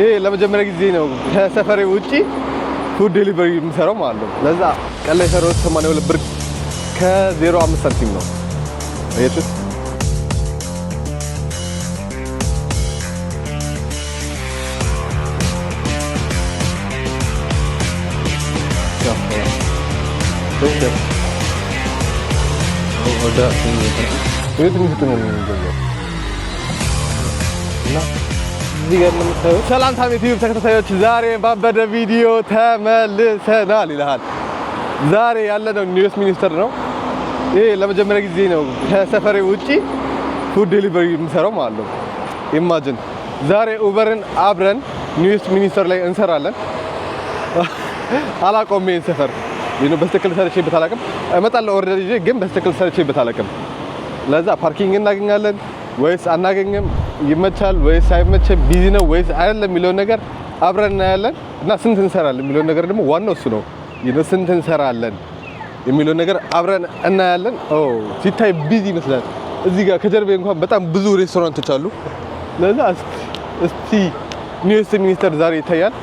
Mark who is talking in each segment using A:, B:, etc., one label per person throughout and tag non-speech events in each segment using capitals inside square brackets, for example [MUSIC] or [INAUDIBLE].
A: ይሄ ለመጀመሪያ ጊዜ ነው ከሰፈሬ ውጪ ፉድ ዴሊቨሪ የምሰራው ማለት ነው። ለዛ ቀን ላይ የሰራሁት 82 ብር ከ05 ሳንቲም ነው። አያችሁት? ወደ እዚህ ጋር እንደምታዩት ሰላም ታም ዩቲዩብ ተከታታዮች ዛሬ ባበደ ቪዲዮ ተመልሰናል ይልሃል። ዛሬ ያለነው ኒውስ ሚኒስተር ነው። ይሄ ለመጀመሪያ ጊዜ ነው ከሰፈሬ ውጪ ፉድ ዴሊቨሪ የምሰራው ማለት ነው። ኢማጅን ዛሬ ኡበርን አብረን ኒውስ ሚኒስተር ላይ እንሰራለን። አላቆም ይሄን ሰፈር ይሄን በስተክል ሰርቼበት አላውቅም። እመጣለሁ ኦርደር ይዤ ግን በስተክል ሰርቼበት አላውቅም። ለዛ ፓርኪንግ እናገኛለን ወይስ አናገኝም? ይመቻል ወይስ አይመችም፣ ቢዚ ነው ወይስ አይደለም የሚለውን ነገር አብረን እናያለን እና ስንት እንሰራለን የሚለውን ነገር ደግሞ ዋናው እሱ ነው። ስንት እንሰራለን የሚለውን ነገር አብረን እናያለን። ሲታይ ቢዚ ይመስላል። እዚህ ጋር ከጀርባ እንኳን በጣም ብዙ ሬስቶራንቶች አሉ። ለዛ እስቲ ኒውስ ሚኒስተር ዛሬ ይታያል።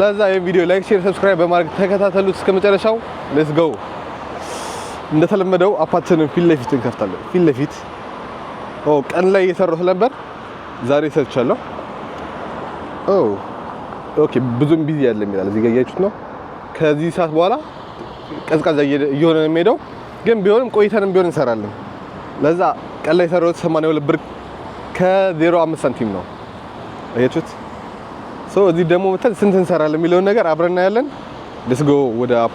A: ለዛ ይህን ቪዲዮ ላይክ፣ ሼር፣ ሰብስክራይብ በማድረግ ተከታተሉት እስከ መጨረሻው። ሌትስ ጎ። እንደተለመደው አፓችንን ፊት ለፊት እንከፍታለን ፊት ለፊት ኦ ቀን ላይ እየሰራሁት ነበር፣ ዛሬ ሰርቻለሁ። ኦ ኦኬ፣ ብዙም ቢዚ ያለ ይላል። እዚህ ጋር እያችሁት ነው። ከዚህ ሰዓት በኋላ ቀዝቃዛ እየሆነ ነው የሚሄደው፣ ግን ቢሆንም ቆይተንም ቢሆን እንሰራለን። ለዛ ቀን ላይ የሰራሁት 82 ብር ከ05 ሳንቲም ነው። አያችሁት? እዚህ ደግሞ መተን ስንት እንሰራለን የሚለውን ነገር አብረን እናያለን። ደስጎ ወደ አፑ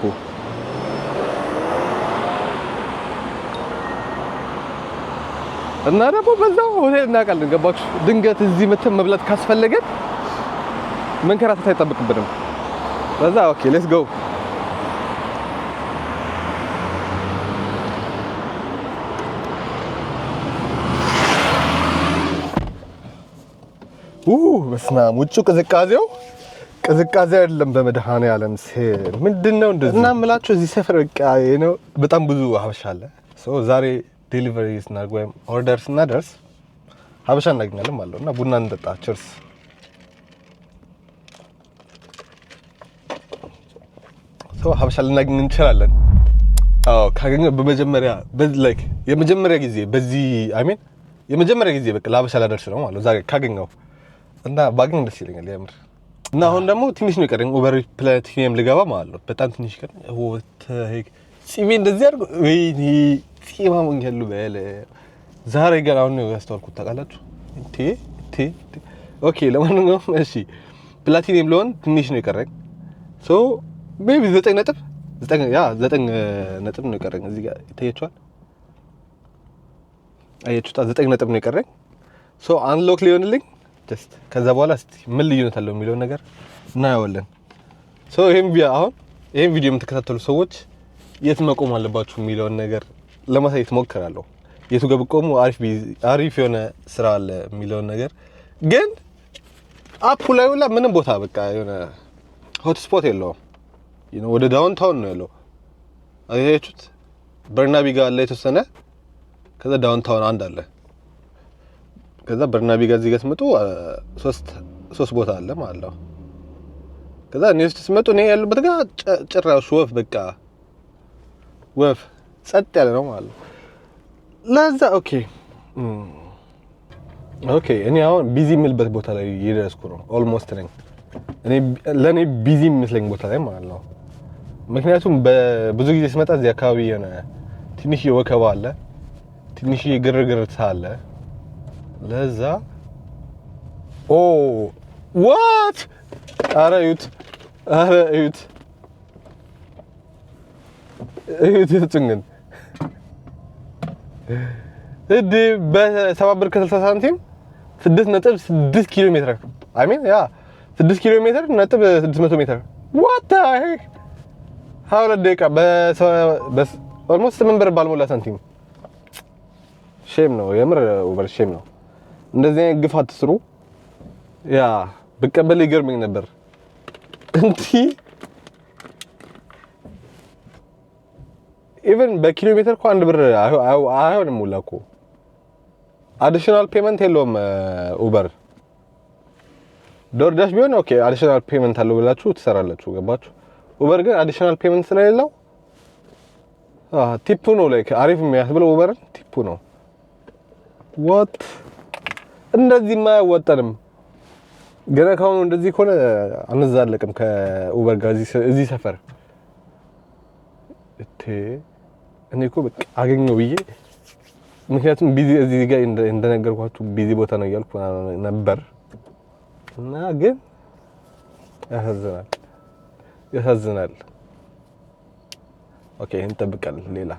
A: እና ደግሞ በዛው ሆቴል እናውቃለን። ገባችሁ? ድንገት እዚህ መተን መብላት ካስፈለገን መንከራተት አይጠብቅብንም። በዛ ኦኬ ሌትስ ጎ በስመ አብ ውጭ ቅዝቃዜው ቅዝቃዜ አይደለም። በመድኃኔዓለም ምንድን ነው እንደዚህ እና የምላችሁ እዚህ ሰፈር በቃ ነው በጣም ብዙ ሀበሻ አለ ዛሬ ዴሊቨሪ ስናደርግ ወይም ኦርደር ስናደርስ ሀበሻ እናገኛለን ማለት ነው እና ቡና እንጠጣ። ችርስ ሰው ሀበሻ ልናገኝ እንችላለን። አዎ ካገኘ በመጀመሪያ በዚህ ላይክ የመጀመሪያ ጊዜ በዚህ አይሜን የመጀመሪያ ጊዜ በቃ ለሀበሻ ላደርስ ነው ማለት ዛሬ ካገኘው እና ባገኝ ደስ ይለኛል የምር። እና አሁን ደግሞ ትንሽ ነው የቀረኝ ኦቨር ፕላቲኒየም ልገባ ማለት ነው። በጣም ትንሽ ቀረኝ። ወተ ሄክ ሲቪ እንደዚህ አድርጎ ወይ ጺማ መንገሉ በል ዛሬ ገና አሁን ነው ያስተዋልኩት። ታውቃላችሁ እንቴ እንቴ ኦኬ። ለማንኛውም እሺ ፕላቲኒየም ለሆን ትንሽ ነው የቀረኝ። ሶ ሜቢ ዘጠኝ ነጥብ ዘጠኝ ያ ዘጠኝ ነጥብ ነው የቀረኝ። እዚህ ጋር ይታያችኋል። አያችሁታ ዘጠኝ ነጥብ ነው የቀረኝ። ሶ አንሎክ ሊሆንልኝ ጀስት ከዛ በኋላ እስቲ ምን ልዩነት አለው የሚለውን ነገር እናየዋለን። ሶ ይሄን ቪዲዮ አሁን ይሄን ቪዲዮ የምትከታተሉ ሰዎች የት መቆም አለባችሁ የሚለውን ነገር ለማሳየት ሞክራለሁ። የቱ ጋር ብቆሙ አሪፍ የሆነ ስራ አለ የሚለውን ነገር ግን አፑ ላይ ሁላ ምንም ቦታ በቃ የሆነ ሆት ሆትስፖት የለውም። ወደ ዳውንታውን ነው ያለው። አያችሁት? በርናቢ ጋር አለ የተወሰነ፣ ከዛ ዳውንታውን አንድ አለ። ከዛ በርናቢ ጋር እዚህ ጋር ስትመጡ ሶስት ቦታ አለ ማለት ነው። ከዛ ኔክስት ስትመጡ እኔ ያለበት ጋር ጭራሽ ወፍ በቃ ወፍ ጸጥ ያለ ነው ማለት ለዛ ኦኬ ኦኬ፣ እኔ አሁን ቢዚ የምልበት ቦታ ላይ እየደረስኩ ነው። ኦልሞስት ነኝ እኔ ለእኔ ቢዚ የሚመስለኝ ቦታ ላይ ማለት ነው። ምክንያቱም ብዙ ጊዜ ስመጣ እዚህ አካባቢ የሆነ ትንሽ ወከባ አለ፣ ትንሽ ግርግር አለ። ለዛ ኦ ዋት አረ እዩት፣ አረ እዩት፣ እዩት፣ እዩት ግን እድ በሰባት ብር ከስልሳ ሳንቲም ስድስት ነጥብ ስድስት ኪሎ ሜትር አይ ሚን ያ ስድስት ኪሎ ሜትር ነጥብ ስድስት መቶ ሜትር ዋታ ሀያ ሁለት ደቂቃ ኦልሞስት ስምንት ብር ባልሞላ ሳንቲም። ሼም ነው የምር ኡበር ሼም ነው። እንደዚህ አይነት ግፍ አትስሩ። ያ ብቀበል ይገርመኝ ነበር እንዲህ ኢቨን በኪሎ ሜትር እኮ አንድ ብር አይሆንም ሁላ እኮ አዲሽናል ፔመንት የለውም ኡበር ዶርዳሽ ቢሆን ኦኬ አዲሽናል ፔመንት አለው ብላችሁ ትሰራላችሁ ገባችሁ ኡበር ግን አዲሽናል ፔመንት ስለሌለው ቲፑ ነው ላይክ አሪፍ የሚያስብለው ኡበርን ቲፑ ነው ዋት እንደዚህማ አያዋጣንም ገና ካሁኑ እንደዚህ ከሆነ አንዛለቅም ከኡበር ጋር እዚህ ሰፈር እቴ እኔ እኮ በቃ አገኘው ብዬ ምክንያቱም ቢዚ እዚህ ጋር እንደነገርኳችሁ ቢዚ ቦታ ነው እያልኩ ነበር እና ግን ያሳዝናል፣ ያሳዝናል። ኦኬ እንጠብቃለን። ሌላ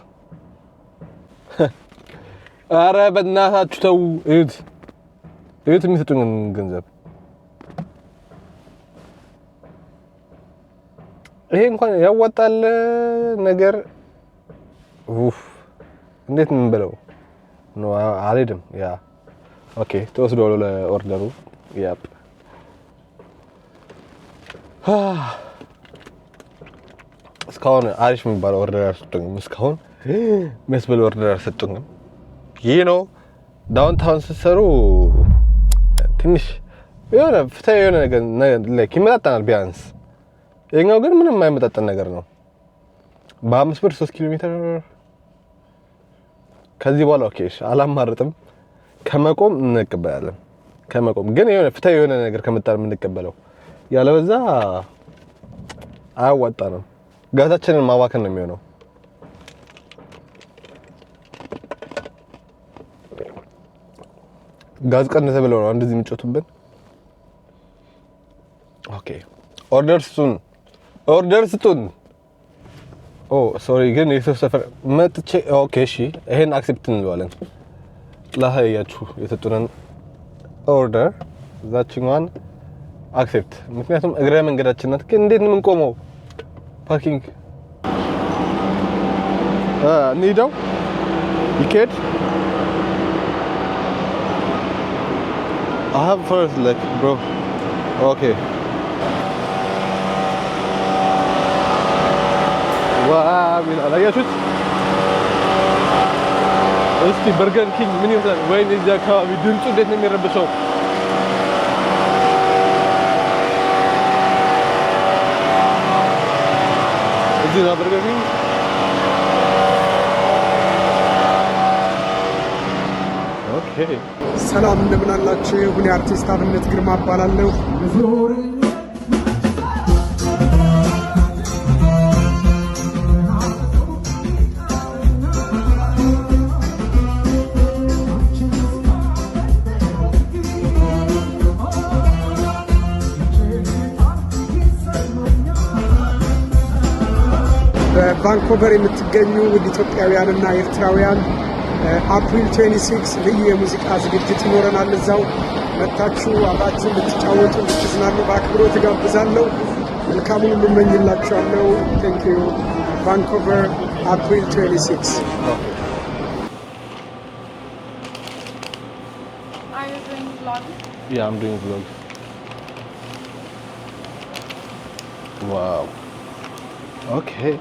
A: [LAUGHS] አረ በእናታችሁ ተው። እዩት፣ እዩት የሚሰጡን ገንዘብ ይሄ እንኳን ያዋጣል ነገር ኡፍ እንዴት ነው አልሄድም። ያ ኦኬ፣ ተወስዶ ለኦርደሩ ያፕ እስካሁን አሪፍ የሚባለው ኦርደር አልሰጡኝም። እስካሁን መስበል ኦርደር አልሰጡኝም። ይህ ነው ዳውንታውን ስትሰሩ ትንሽ የሆነ ፍትህ የሆነ ነገር ይመጣጠናል ቢያንስ። የኛው ግን ምንም የማይመጣጠን ነገር ነው። በአምስት ብር ሶስት ኪሎ ሜትር ከዚህ በኋላ ኦኬ አላማርጥም። ከመቆም እንቀበላለን። ከመቆም ግን የሆነ ፍትህ የሆነ ነገር ከመጣን የምንቀበለው ያለበዛ አያዋጣንም። ጋዛችንን ማባከን ነው የሚሆነው። ጋዝ ቀነሰ ብለው ነው እንደዚህ የሚጮቱብን። ኦኬ ኦርደር ስጡን፣ ኦርደር ስጡን። ሶሪ ግን የሰው ሰፈር መጥቼ ኦኬ፣ እሺ፣ ይሄን አክሴፕት እንለዋለን። ላሳያችሁ የሰጡንን ኦርደር እዛችኛዋን አክሴፕት። ምክንያቱም እግረ መንገዳችን ናት። ግን እንዴት ነው የምንቆመው? ፓርኪንግ እንሂደው ይኬድ አሀብ ፈርስት ለክ ብሮ ኦኬ ዋው ይላል። አያችሁት? እስቲ በርገር ኪንግ ምን ይመስላል? ወይኔ እዚህ አካባቢ ድምፁ እንዴት ነው የሚረብሸው? እዚህ ነው በርገር ኪንግ። ኦኬ ሰላም እንደምን አላችሁ? የሁኔ አርቲስት አብነት ግርማ እባላለሁ። በቫንኮቨር የምትገኙ ውድ ኢትዮጵያውያንና ኤርትራውያን አፕሪል 26 ልዩ የሙዚቃ ዝግጅት ይኖረናል። እዛው መታችሁ አብራችሁ ልትጫወቱ ልትዝናኑ በአክብሮት እጋብዛለሁ። መልካሙን ሁሉ እመኝላችኋለሁ። ቴንክ ዩ። ቫንኮቨር አፕሪል 26 Yeah, I'm doing vlog. Wow. Okay.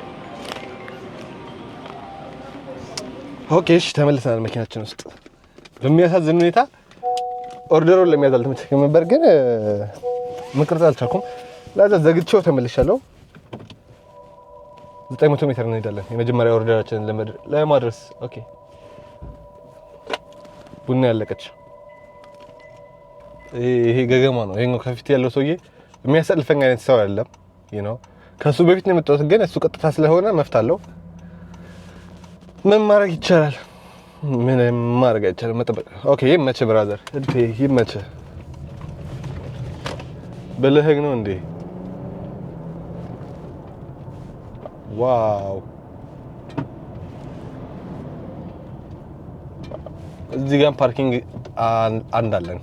A: ኦኬ እሺ፣ ተመልሰናል። መኪናችን ውስጥ በሚያሳዝን ሁኔታ ኦርደሩን ለመያዝ አልተመቸኝም ነበር፣ ግን መቅረጽ አልቻልኩም። ለዛ ዘግቼው ተመልሻለሁ። 900 ሜትር እንሄዳለን የመጀመሪያ ኦርደራችንን ለማድረስ። ኦኬ፣ ቡና ያለቀች ይሄ ገገማ ነው። ይሄ ከፊት ያለው ሰውዬ የሚያሰልፈኝ አይነት ሰው አይደለም። ከሱ በፊት ነው የመጣሁት፣ ግን እሱ ቀጥታ ስለሆነ መፍታለሁ ምን ማድረግ ይቻላል? ምንም ማድረግ አይቻልም። መጠበቅ። ኦኬ ይመችህ ብራዘር፣ እድፌ ይመችህ። ብልህግ ነው እንዴ? ዋው! እዚህ ጋር ፓርኪንግ አንድ አለን።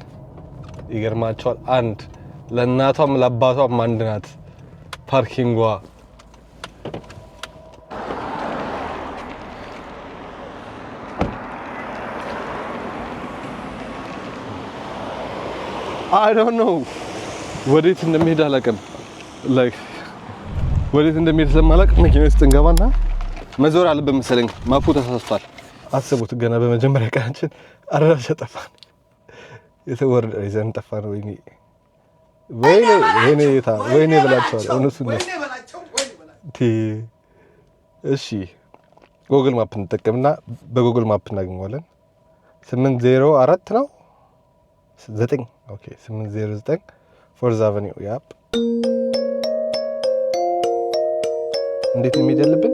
A: ይገርማቸዋል። አንድ ለእናቷም ለአባቷም አንድ ናት ፓርኪንጓ። አይ ዶንት ኖ ወዴት እንደሚሄድ አላውቅም። ላይክ ወዴት እንደሚሄድ ስለማላውቅ መኪና ውስጥ እንገባና መዞር አለብን መሰለኝ። ማፑ ተሳስቷል። አስቡት፣ ገና በመጀመሪያ ቀናችን አድራሻ ጠፋን። የተወርደ ይዘን ጠፋን። ወይኔ ወይኔ ወይኔ ታ ወይኔ ብላቸዋል። እነሱ ነው ቲ እሺ፣ ጎግል ማፕ እንጠቀምና በጎግል ማፕ እናገኘዋለን። ስምንት ዜሮ አራት ነው ዘጠኝ ኦኬ 809 ፎርዝ አቨኒው ያፕ እንዴት ነው የሚደልብን?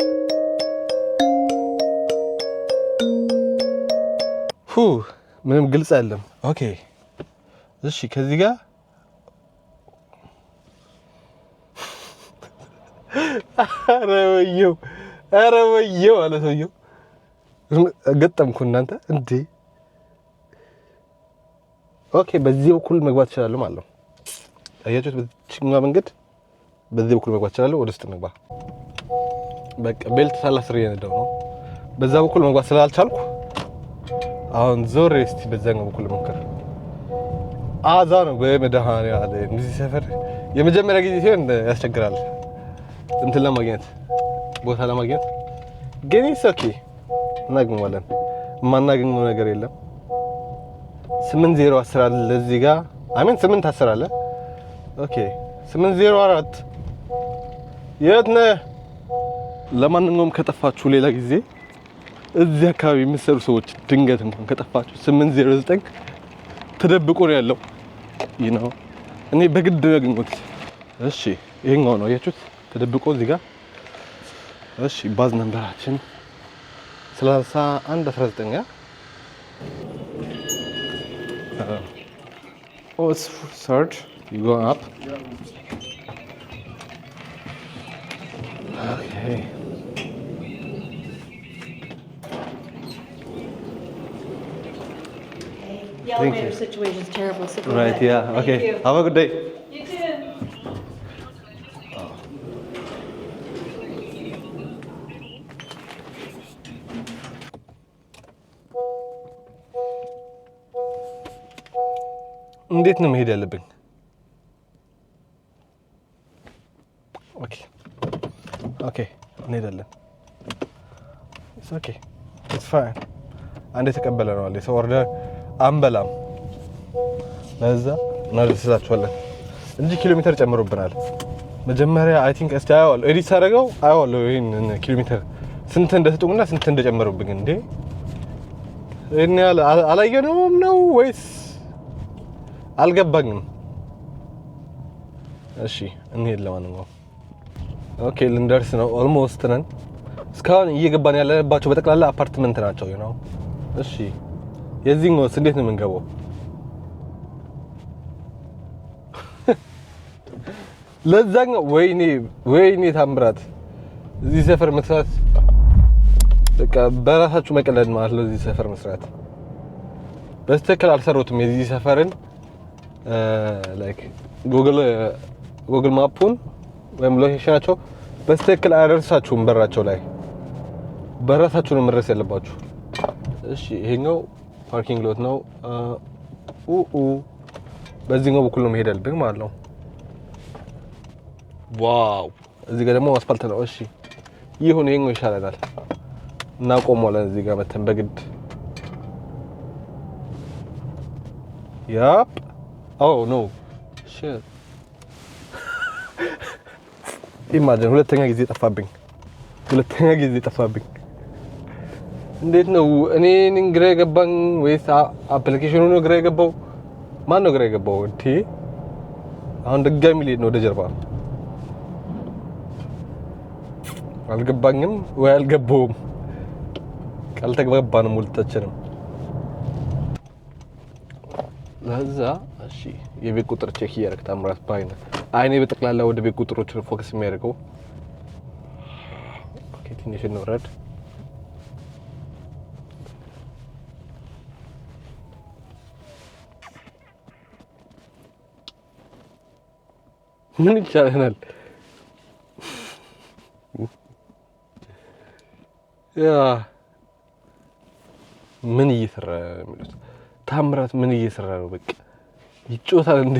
A: ሁ ምንም ግልጽ አይደለም። ኦኬ እሺ፣ ከዚህ ጋር ኧረ [LAUGHS] ወየው፣ ኧረ ወየው አለ ሰውየው። ገጠምኩ እናንተ እንዴ ኦኬ፣ በዚህ በኩል መግባት እችላለሁ ማለት ነው። አያችሁት? በዚህኛው መንገድ በዚህ በኩል መግባት እችላለሁ። ወደ ውስጥ እንግባ። በቃ ቤልት ሳላስር እየነዳሁ ነው። በዛ በኩል መግባት ስላልቻልኩ አሁን ዞር እስቲ በዛኛው በኩል ሞከር። አዛ ነው በመድኃኒዓለም እዚህ ሰፈር የመጀመሪያ ጊዜ ሲሆን ያስቸግራል፣ እንትን ለማግኘት ቦታ ለማግኘት ግን፣ ኢትስ ኦኬ እናግመዋለን። የማናገኘው ነገር የለም። ስምንት ዜሮ አስር አለ እዚህ ጋር አሜን ስምንት አስር አለ። ኦኬ ስምንት ዜሮ አራት የት ነህ? ለማንኛውም ከጠፋችሁ ሌላ ጊዜ እዚህ አካባቢ የምትሰሩ ሰዎች ድንገት እንኳን ከጠፋችሁ ስምንት ዜሮ ዘጠኝ ተደብቆ ነው ያለው። ይህ ነው እኔ በግድ ያገኘሁት። እሺ ይሄኛው ነው አያችሁት፣ ተደብቆ እዚህ ጋር እሺ ባዝ ነንበራችን 31 19 Uh, oh, it's third. You go up. Okay.
B: The Thank you. is terrible. so Right, yeah,
A: Thank okay. you. Have a good day. እንዴት ነው መሄድ ያለብኝ? ኦኬ ኦኬ፣ እንሄዳለን። ኦኬ ኢትስ ፋይን። አንድ የተቀበለ ነው አለ ሰው ኦርደር አንበላም፣ ለዛ እናደርስላችኋለን እንጂ ኪሎ ሜትር ጨምሮብናል። መጀመሪያ አይ ቲንክ እስቲ አየዋለሁ፣ ኤዲት ሳደርገው አየዋለሁ ይሄን ኪሎ ሜትር ስንት እንደተጠቁና ስንት እንደጨመሩብኝ። እንዴ ይሄን ያህል አላየነውም ነው ወይስ አልገባኝም። እሺ እንሄድ። ለማንኛውም ኦኬ፣ ልንደርስ ነው። ኦልሞስት ነን። እስካሁን እየገባን ያለባቸው በጠቅላላ አፓርትመንት ናቸው ነው። እሺ፣ የዚህኛውስ እንዴት ነው የምንገባው? [LAUGHS] ለዛኛው ወይኔ ወይኔ ታምራት እዚህ ሰፈር መስራት በቃ በራሳችሁ መቀለድ ማለት ነው። እዚህ ሰፈር መስራት በስተክል አልሰሩትም የዚህ ሰፈርን ጉግል ማፑን ወይም ሎኬሽናቸው በስትክክል አያደርሳችሁም። በራቸው ላይ በራሳችሁ ነው መድረስ ያለባችሁ። እሺ፣ ይሄኛው ፓርኪንግ ሎት ነው። ኡኡ በዚህኛው በኩል ነው መሄድ ያለብን ማለት ነው። ዋው! እዚህ ጋር ደግሞ አስፋልት ነው። እሺ፣ ይሁን፣ ይሄኛው ይሻለናል። እናቆመዋለን እዚህ ጋር መተን በግድ ያፕ ኖ oh, ኢማጅን ሁለተኛ ጊዜ ጠፋብኝ። ሁለተኛ ጊዜ ጠፋብኝ። እንዴት ነው እኔን ግራ የገባኝ ወይስ አፕሊኬሽኑ ነው ግራ የገባው? ማን ነው ግራ የገባው? እንዴ አሁን ድጋሚ ልሄድ ነው ወደ ጀርባ። አልገባኝም ወይ አልገባውም? አልተግባባንም ሁለታችንም ለዛ እሺ የቤት ቁጥር ቼክ እያደረግ ታምራት ባይነ አይኔ በጠቅላላ ወደ ቤት ቁጥሮች ፎከስ የሚያደርገው ኦኬ። ትንሽ እንውረድ። ምን ይቻለናል? ያ ምን እየሰራ ነው የሚሉት ታምራት ምን እየሰራ ነው በቃ ይጮታል እንዴ?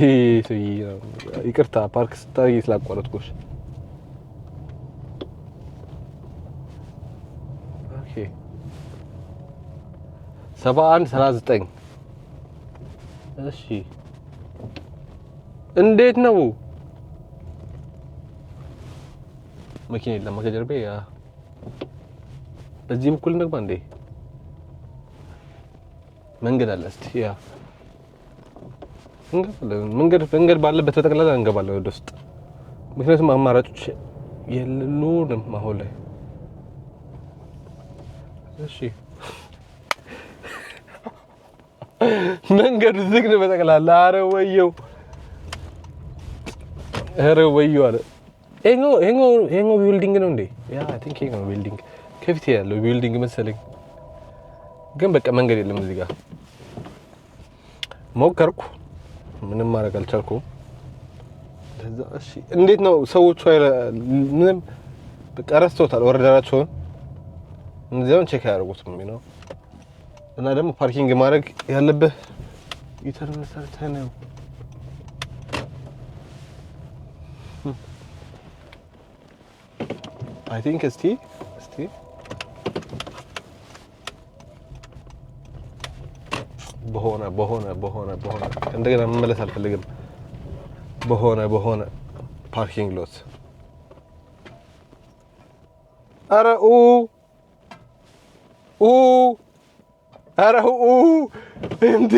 A: ይቅርታ ፓርክ ስታይ ስላቋረጥኩሽ። ኦኬ 71 ዘጠኝ እሺ። እንዴት ነው መኪና የለም ከጀርቤ። በዚህ በኩል እንግባ እንዴ? መንገድ አለ እስቲ ያ እንገባለን። መንገድ መንገድ ባለበት በጠቅላላ እንገባለን ወደ ውስጥ። ምክንያቱም አማራጮች የሉንም አሁን ላይ። እሺ መንገዱ ዝግ ነው በጠቅላላ። አረ ወየው፣ አረ ወየው አለ። ይሄኛው ቢልዲንግ ነው እንዴ? ያ አይ ቲንክ ይሄኛው ቢልዲንግ ከፊት ያለው ቢልዲንግ መሰለኝ። ግን በቃ መንገድ የለም እዚህ ጋር ሞከርኩ። ምንም ማድረግ አልቻልኩም። እንዴት ነው ሰዎቹ አይ ምንም በቃ ረስቶታል ወረዳናቸውን እዚያውን ቼክ አያደርጉትም ነው እና ደግሞ ፓርኪንግ ማድረግ ያለብህ ኢተርን ሰርተህ ነው። አይ ቲንክ እስቲ እስቲ በሆነ በሆነ በሆነ በሆነ እንደገና መመለስ አልፈልግም። በሆነ በሆነ ፓርኪንግ ሎት ኧረ ኡ ኡ ኧረ ኡ እንዲ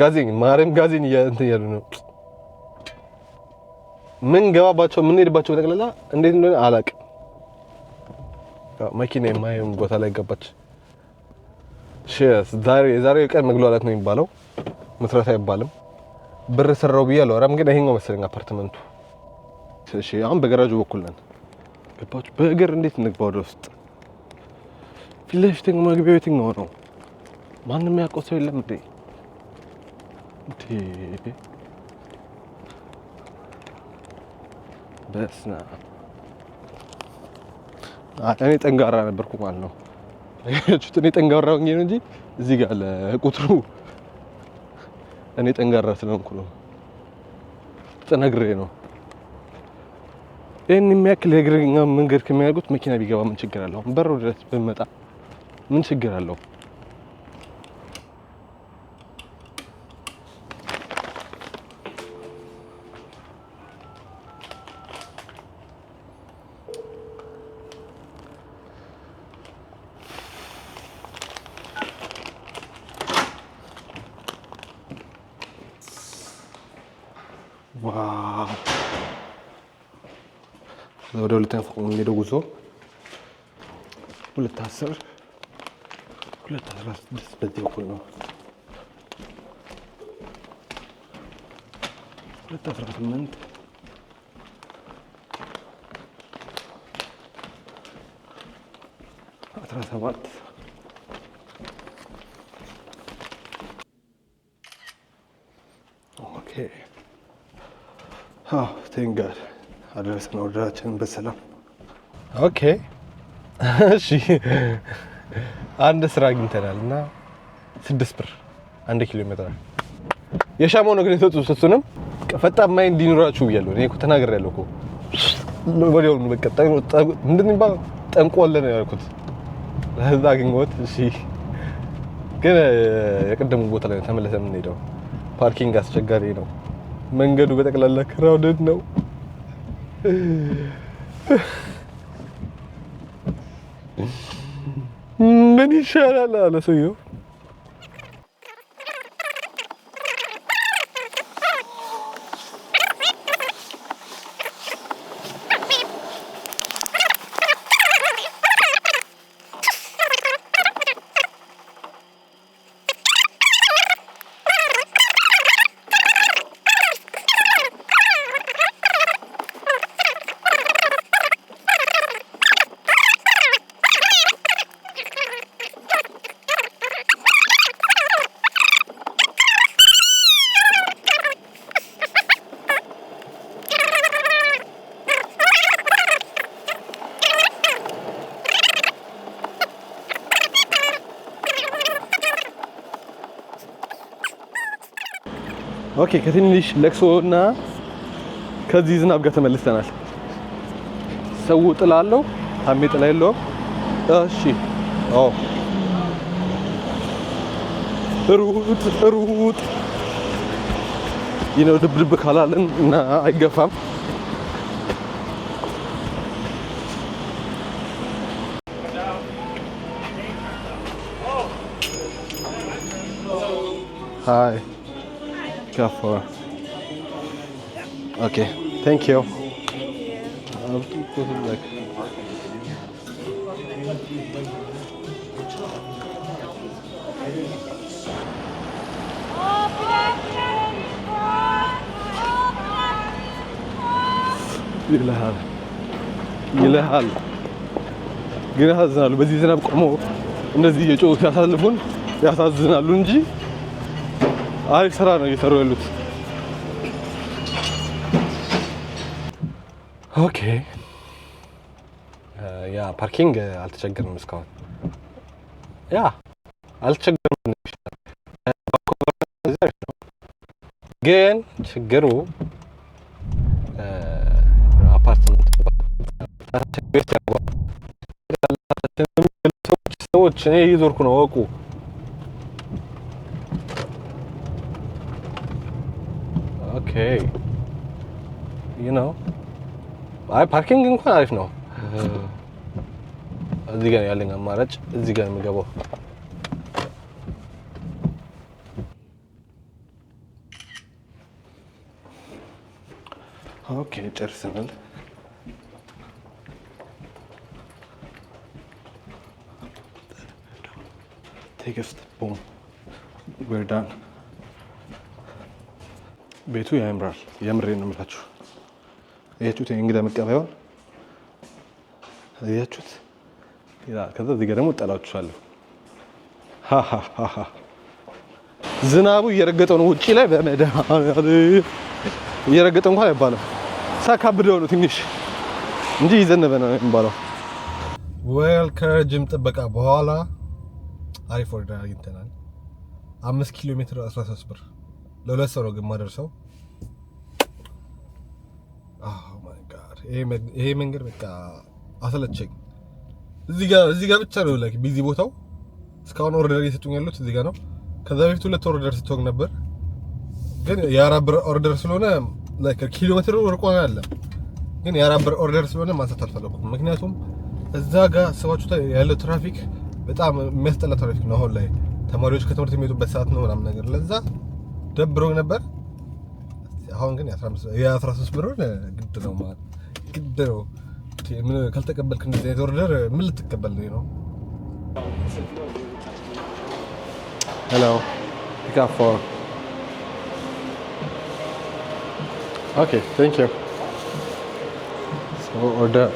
A: ጋዜኝ ማርያም ጋዜኝ እንትን እያሉ ነው። ምን ገባባቸው የምንሄድባቸው በጠቅላላ እንዴት እንደሆነ አላውቅም። መኪና የማይሆን ቦታ ላይ ገባች። የዛሬው የቀን መግሏላት ነው የሚባለው። መስራት አይባልም። ብር ሰራው ብዬ አላወራም፣ ግን ይሄኛው መሰለኝ አፓርትመንቱ። እሺ አሁን በገራጁ በኩል ነን። ገባችሁ? በእግር እንዴት እንግባ ወደ ውስጥ? ፊት ለፊት መግቢያው የትኛው ነው? ማንም ያውቀው ሰው የለም እንዴ? እንዴ በስና እኔ ጠንጋራ ነበርኩ ማለት ነው። ያችሁት [LAUGHS] እኔ ጠንጋራ ሆኜ ነው እንጂ እዚህ ጋር ለቁጥሩ እኔ ጠንጋራ ስለሆንኩ ነው። ጥነግሬ ነው ይህን የሚያክል የእግረኛ መንገድ ከሚያደርጉት መኪና ቢገባ ምን ችግር አለው? በሩ ድረስ ብንመጣ ምን ችግር አለው? ወደ ሁለተኛ ፎቅ ነው የምንሄደው። ጉዞ ሁለት አስር ሁለት አስራ ስድስት በዚህ በኩል ነው። ሁለት አስራ ስምንት አስራ ሰባት ከአስቴን ጋር አደረሰን ወደራችንን በሰላም። ኦኬ እሺ፣ አንድ ስራ አግኝተናል እና ስድስት ብር አንድ ኪሎ ሜትር የሻማው ነው ግን የተወጡት። እሱንም ፈጣን ማይ እንዲኖራችሁ ብያለሁ እኔ እኮ ተናግሬያለሁ እኮ ወዲያውኑ። በቃ ምንድን የሚባለው ጠንቆለ ነው ያልኩት። ለዛ አግኝወት እሺ። ግን የቀደሙ ቦታ ላይ ተመለሰ የምንሄደው ፓርኪንግ አስቸጋሪ ነው። መንገዱ በጠቅላላ ክራውድድ ነው። ምን ይሻላል አለ ሰውየው። ኦኬ ከትንሽ ለቅሶና ከዚህ ዝናብ ጋር ተመልሰናል። ሰው ጥላ አለው፣ ታሜ ጥላ የለውም። እሺ አዎ፣ ሩጥ ሩጥ ይነው ድብድብ ካላለን እና አይገፋም። ሃይ care for. Okay, thank you. ይልሃል ይልሃል ግን ያሳዝናሉ። በዚህ ዝናብ ቆመው እንደዚህ የጮሁ ሲያሳልፉን ያሳዝናሉ እንጂ አሪፍ ስራ ነው እየሰሩ ያሉት። ኦኬ ያ ፓርኪንግ አልተቸገርንም እስካሁን ያ አልተቸገርንም። ግን ችግሩ አፓርትመንት ሰዎች እኔ እየዞርኩ ነው ወቁ ኦኬ ዩ ነው። አይ ፓርኪንግ እንኳን አሪፍ ነው። [LAUGHS] እዚህ ጋር ያለኝ አማራጭ እዚህ ጋር የሚገባው ኦኬ ጨርሰናል። ቴክስት ቦም ዌር ዳን ቤቱ ያምራል። የምሬ ነው የምላችሁ። እያችሁት እንግዳ መቀበያውን እያችሁት። ከዛ እዚህ ጋር ደግሞ እጠላችኋለሁ። ዝናቡ እየረገጠው ነው ውጭ ላይ በመድኃኒዓለም እየረገጠው እንኳን አይባልም። ሳካብደው ነው ትንሽ እንጂ ይዘነበ ነው የሚባለው። ወል ከጅም ጥበቃ በኋላ አሪፍ ወርደን አግኝተናል። አምስት ኪሎ ሜትር 13 ብር ለሁለት ሰው ነው ግን ማደርሰው። ይሄ መንገድ በቃ አሰለቸኝ። እዚህ ጋር ብቻ ነው ላይክ ቢዚ ቦታው። እስካሁን ኦርደር እየሰጡኝ ያሉት እዚህ ጋር ነው። ከዛ በፊት ሁለት ኦርደር ስትሆን ነበር፣ ግን የአራት ብር ኦርደር ስለሆነ ላይክ ኪሎ ሜትሩ ርቆ ያለ፣ ግን የአራት ብር ኦርደር ስለሆነ ማንሳት አልፈለኩም። ምክንያቱም እዛ ጋር ስባችሁ ያለው ትራፊክ በጣም የሚያስጠላ ትራፊክ ነው። አሁን ላይ ተማሪዎች ከትምህርት የሚወጡበት ሰዓት ነው ምናምን ነገር ለዛ ደብሮ ነበር። አሁን ግን የ13 ብሩን ግድ ነው ማለት ግድ ነው። ምን ካልተቀበልክ እንደዚህ አይነት ኦርደር ምን ልትቀበል ነው? ሄሎ ፒክ ኦኬ ቴንክ ዩ ኦርደር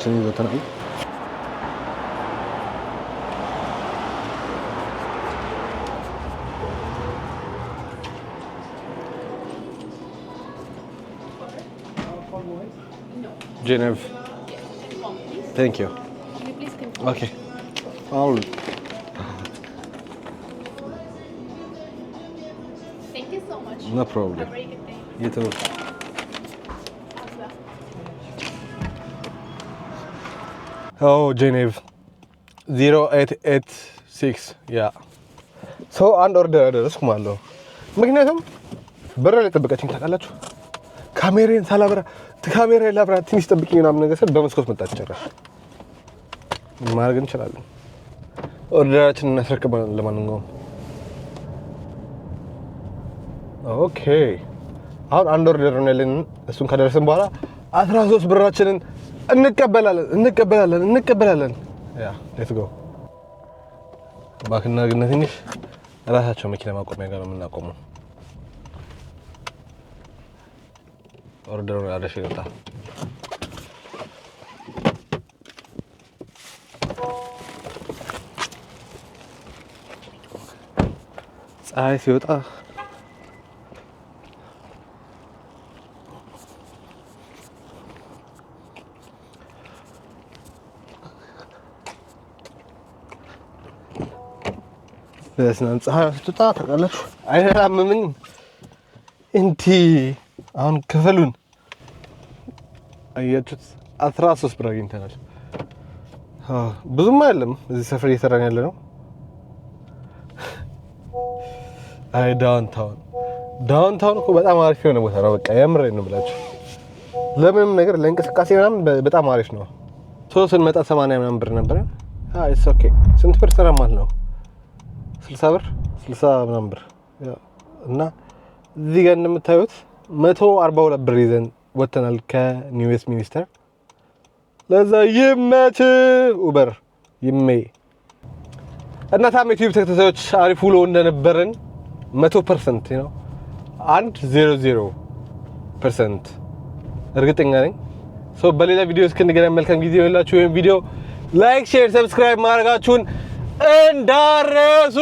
A: Genève. Thank you. Okay. I'll...
B: Thank you so much.
A: No problem. Have a very good day. You too. Oh, Genève. 0886 ያ ሰው አንድ ኦርደር ያደረስኩ ማለት ነው። ምክንያቱም በረር ላይ ጠበቀችኝ ታውቃላችሁ። ካሜሬን ሳላበራ ካሜራ ላብራ ትንሽ ጠብቂ ምናምን ነገር ስል በመስኮት መጣች። ጨራሽ ማድረግ እንችላለን። ኦርደራችን እናስረክባለን። ለማንኛውም ኦኬ፣ አሁን አንድ ኦርደር ነው ያለን። እሱን ከደረስን በኋላ አስራ ሶስት ብራችንን እንቀበላለን እንቀበላለን እንቀበላለን። ያ ሌት ጎ ባክና፣ ግን ትንሽ ራሳቸው መኪና ማቆሚያ ጋር ነው የምናቆመው። ኦርደሩ አሪፍ ይወጣ። ፀሐይ ሲወጣ በስናም ፀሐይ ስትወጣ ተቃለፍ አይራምምን እንዲ አሁን ክፍሉን አያችሁት፣ 13 ብር አግኝተናል። ብዙም አይደለም እዚህ ሰፈር እየሰራን ያለ ነው። አይ ዳውን ታውን እኮ በጣም አሪፍ የሆነ ቦታ ነው። በቃ የምሬን ነው ብላችሁ ለምንም ነገር ለእንቅስቃሴ ምናምን በጣም አሪፍ ነው። ቶሎ መጣ 80 ምናም ብር ነበረ። አይ ኢትስ ኦኬ። ስንት ብር ስራ ማለት ነው? 60 ብር 60 ምናምን ብር እና እዚህ ጋር እንደምታዩት መቶ አርባ ሁለት ብር ይዘን ወጥተናል ከኒውስ ሚኒስተር። ለዛ ይመች ኡበር ይሜ እና ታም ዩቲዩብ ተከታታዮች አሪፍ ውሎ እንደነበረን መቶ ፐርሰንት ነው አንድ ዜሮ ዜሮ ፐርሰንት እርግጠኛ ነኝ። በሌላ ቪዲዮ እስክንገናኝ መልካም ጊዜ የላችሁ። ወይም ቪዲዮ ላይክ፣ ሼር፣ ሰብስክራይብ ማድረጋችሁን እንዳረሱ